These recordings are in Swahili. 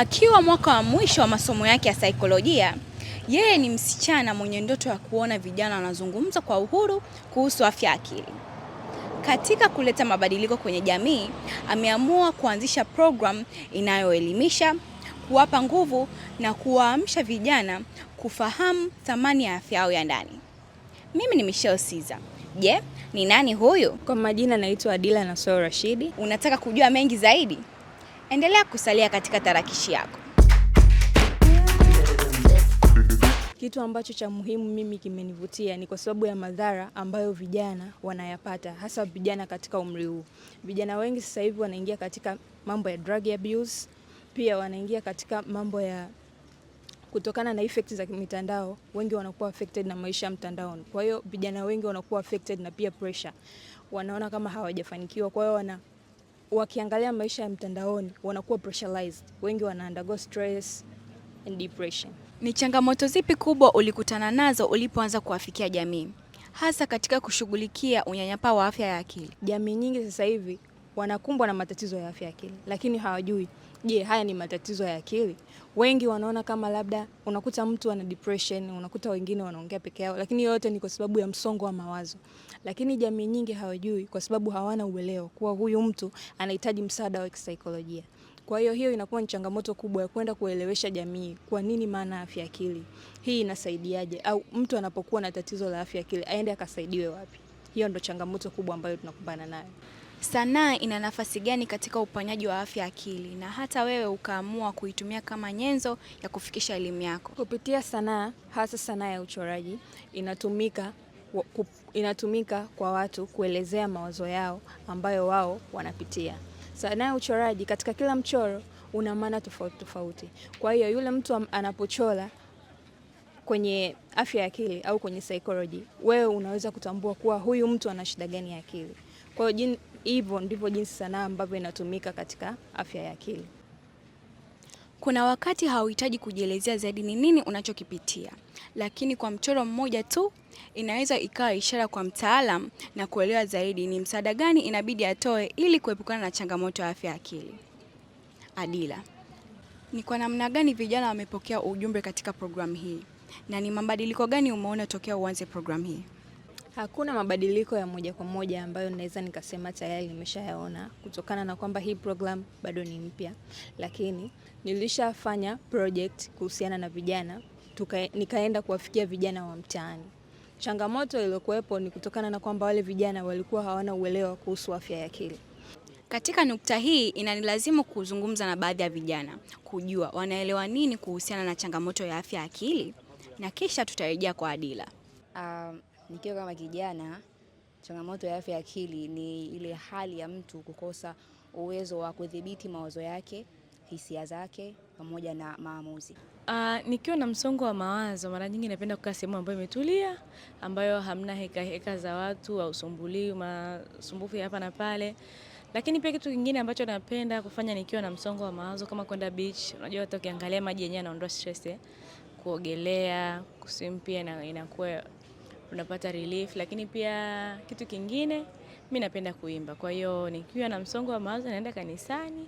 Akiwa mwaka wa mwisho wa masomo yake ya saikolojia, yeye ni msichana mwenye ndoto ya kuona vijana wanazungumza kwa uhuru kuhusu afya ya akili. Katika kuleta mabadiliko kwenye jamii, ameamua kuanzisha programu inayoelimisha, kuwapa nguvu na kuwaamsha vijana kufahamu thamani ya afya yao ya ndani. Mimi ni Michelle Siza. Je, ni nani huyu? Kwa majina naitwa Adila Nasoro Rashidi. Unataka kujua mengi zaidi? endelea kusalia katika tarakishi yako. Kitu ambacho cha muhimu mimi kimenivutia ni kwa sababu ya madhara ambayo vijana wanayapata, hasa vijana katika umri huu. Vijana wengi sasa hivi wanaingia katika mambo ya drug abuse, pia wanaingia katika mambo ya kutokana na effect za mitandao, wengi wanakuwa affected na maisha ya mtandaoni. Kwa hiyo vijana wengi wanakuwa affected na pia pressure, wanaona kama hawajafanikiwa, kwa hiyo wana wakiangalia maisha ya mtandaoni wanakuwa pressurized, wengi wana undergo stress and depression. Ni changamoto zipi kubwa ulikutana nazo ulipoanza kuwafikia jamii hasa katika kushughulikia unyanyapaa wa afya ya akili? Jamii nyingi sasa hivi wanakumbwa na matatizo ya afya ya akili, lakini hawajui Je, haya ni matatizo ya akili? Wengi wanaona kama labda unakuta mtu ana depression, unakuta wengine wanaongea peke yao, lakini yote ni kwa sababu ya msongo wa mawazo. Lakini jamii nyingi hawajui kwa sababu hawana uelewa kuwa huyu mtu anahitaji msaada wa kisaikolojia. Kwa hiyo hiyo inakuwa ni changamoto kubwa ya kwenda kuelewesha jamii kwa nini maana afya akili. Hii inasaidiaje au mtu anapokuwa na tatizo la afya akili aende akasaidiwe wapi? Hiyo ndo changamoto kubwa ambayo tunakumbana nayo sanaa ina nafasi gani katika uponyaji wa afya akili na hata wewe ukaamua kuitumia kama nyenzo ya kufikisha elimu yako? Kupitia sanaa, hasa sanaa ya uchoraji, inatumika inatumika kwa watu kuelezea mawazo yao ambayo wao wanapitia. Sanaa ya uchoraji, katika kila mchoro una maana tofauti tofauti. Kwa hiyo yule mtu anapochora kwenye afya ya akili au kwenye psychology, wewe unaweza kutambua kuwa huyu mtu ana shida gani ya akili. Kwa hiyo hivyo ndivyo jinsi sanaa ambavyo inatumika katika afya ya akili. Kuna wakati hauhitaji kujielezea zaidi ni nini unachokipitia, lakini kwa mchoro mmoja tu inaweza ikawa ishara kwa mtaalam na kuelewa zaidi ni msaada gani inabidi atoe ili kuepukana na changamoto ya afya ya akili. Adila, ni kwa namna gani vijana wamepokea ujumbe katika programu hii na ni mabadiliko gani umeona tokea uanze programu hii? Hakuna mabadiliko ya moja kwa moja ambayo naweza nikasema tayari nimeshayaona kutokana na kwamba hii program bado ni mpya, lakini nilishafanya project kuhusiana na vijana tuka, nikaenda kuwafikia vijana wa mtaani. Changamoto iliyokuwepo ni kutokana na kwamba wale vijana walikuwa hawana uelewa kuhusu afya ya akili. Katika nukta hii inanilazimu kuzungumza na baadhi ya vijana kujua wanaelewa nini kuhusiana na changamoto ya afya ya akili na kisha tutarejea kwa Adila. Um, Nikiwa kama kijana, changamoto ya afya ya akili ni ile hali ya mtu kukosa uwezo wa kudhibiti mawazo yake, hisia zake pamoja na maamuzi. Uh, nikiwa na msongo wa mawazo mara nyingi napenda kukaa sehemu ambayo imetulia, ambayo hamna heka heka za watu au usumbuliwi masumbufu hapa na pale. Lakini pia kitu kingine ambacho napenda kufanya nikiwa na msongo wa mawazo kama kwenda beach. Unajua hata ukiangalia maji yenyewe yanaondoa stress, kuogelea, kuswim pia inakuwa unapata relief, lakini pia kitu kingine, mi napenda kuimba. Kwa hiyo nikiwa na msongo wa mawazo naenda kanisani,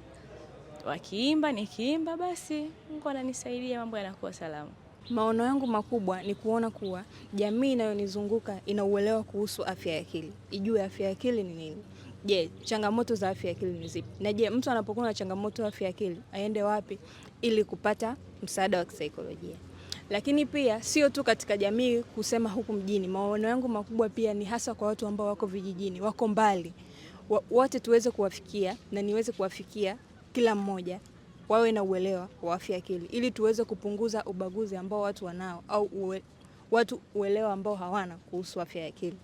wakiimba, nikiimba, basi Mungu ananisaidia, mambo yanakuwa salama. Maono yangu makubwa ni kuona kuwa jamii inayonizunguka ina uelewa kuhusu afya ya akili, ijue afya ya akili ni nini. Je, changamoto za afya ya akili ni zipi? Na je, mtu anapokuwa na changamoto ya afya ya akili aende wapi ili kupata msaada wa kisaikolojia? Lakini pia sio tu katika jamii kusema huku mjini, maono yangu makubwa pia ni hasa kwa watu ambao wako vijijini, wako mbali, wote tuweze kuwafikia na niweze kuwafikia kila mmoja wawe na uelewa wa afya akili ili tuweze kupunguza ubaguzi ambao watu wanao au uwe, watu uelewa ambao hawana kuhusu afya ya akili.